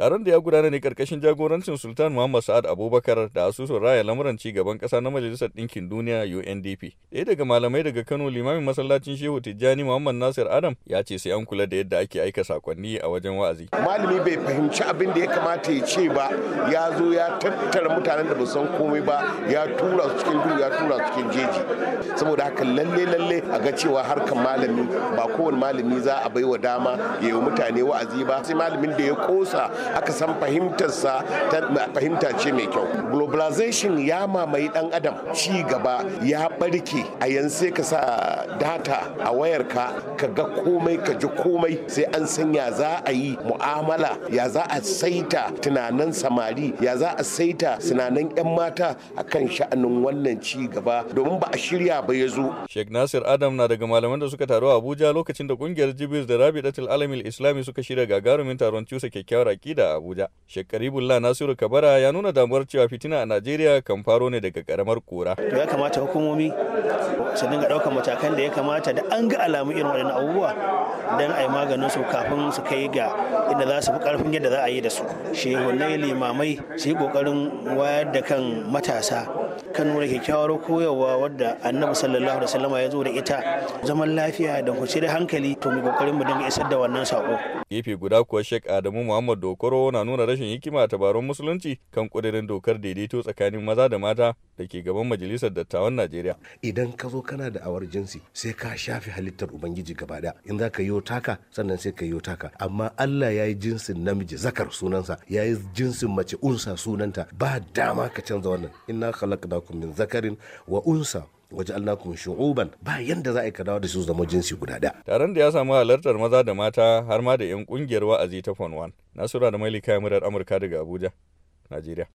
Taron da ya gudana ne karkashin jagorancin Sultan Muhammad Sa'ad Abubakar da asusun raya lamuran ci gaban kasa na Majalisar Ɗinkin Duniya UNDP. Ɗaya daga malamai daga Kano limamin masallacin Shehu Tijjani Muhammad Nasir Adam ya ce sai an kula da yadda ake aika sakonni a wajen wa'azi. Malami bai fahimci abin da ya kamata ya ce ba ya zo ya tattara mutanen da ba san komai ba ya tura su cikin duniya ya tura su cikin jeji. Saboda haka lalle lalle a ga cewa harkar malami ba kowane malami za a baiwa dama ya yi mutane wa'azi ba sai malamin da ya kosa aka san fahimtarsa fahimta ce mai kyau globalization ya mamaye dan adam ci gaba ya barke a yanzu ka sa data a wayarka ka ga komai ka ji komai sai an san ya za a yi mu'amala ya za a saita tunanin samari ya za a saita tunanin 'yan mata akan sha'anin wannan ci gaba domin ba a shirya ba ya zo Sheikh Nasir Adam na daga malaman da suka taru a Abuja lokacin da kungiyar Jibril da Rabi'atul Alamil Islami suka shirya gagarumin taron cusa kyakkyawar akida da Abuja. Shekaribullah Nasiru Kabara ya nuna damuwar cewa fitina a Najeriya kan faro ne daga karamar kura. To ya kamata hukumomi su dinga ɗaukar matakan da ya kamata da an ga alamu irin waɗannan abubuwa don a maganin su kafin su kai ga inda za su fi ƙarfin yadda za a yi da su. shehu Shehunai limamai su yi ƙoƙarin wayar da kan matasa kan nuna kyakkyawar koyarwa wadda annabi sallallahu alaihi wasallama ya zo da ita zaman lafiya da kwanciyar hankali to mu ƙoƙarin mu dinga isar da wannan sako. Gefe guda kuwa Sheikh Adamu Muhammad Doko Okoro na nuna rashin hikima a tabarun musulunci kan kudirin dokar daidaito tsakanin maza da mata da ke gaban majalisar dattawan Najeriya. Idan ka zo kana da awar jinsi sai ka shafi halittar Ubangiji gaba daya in za ka yi taka sannan sai ka yi taka amma Allah ya yi jinsin namiji zakar sunansa ya yi jinsin mace unsa sunanta ba dama ka canza wannan inna khalaqnakum min zakarin wa unsa waje alnakun shu'uban ba yanda za a ka dawo da su zama jinsi guda ɗaya. taron da ya samu halartar maza da mata har ma da 'yan kungiyar wa'azi ta fon 1 nasura da mailika murar amurka daga abuja najeriya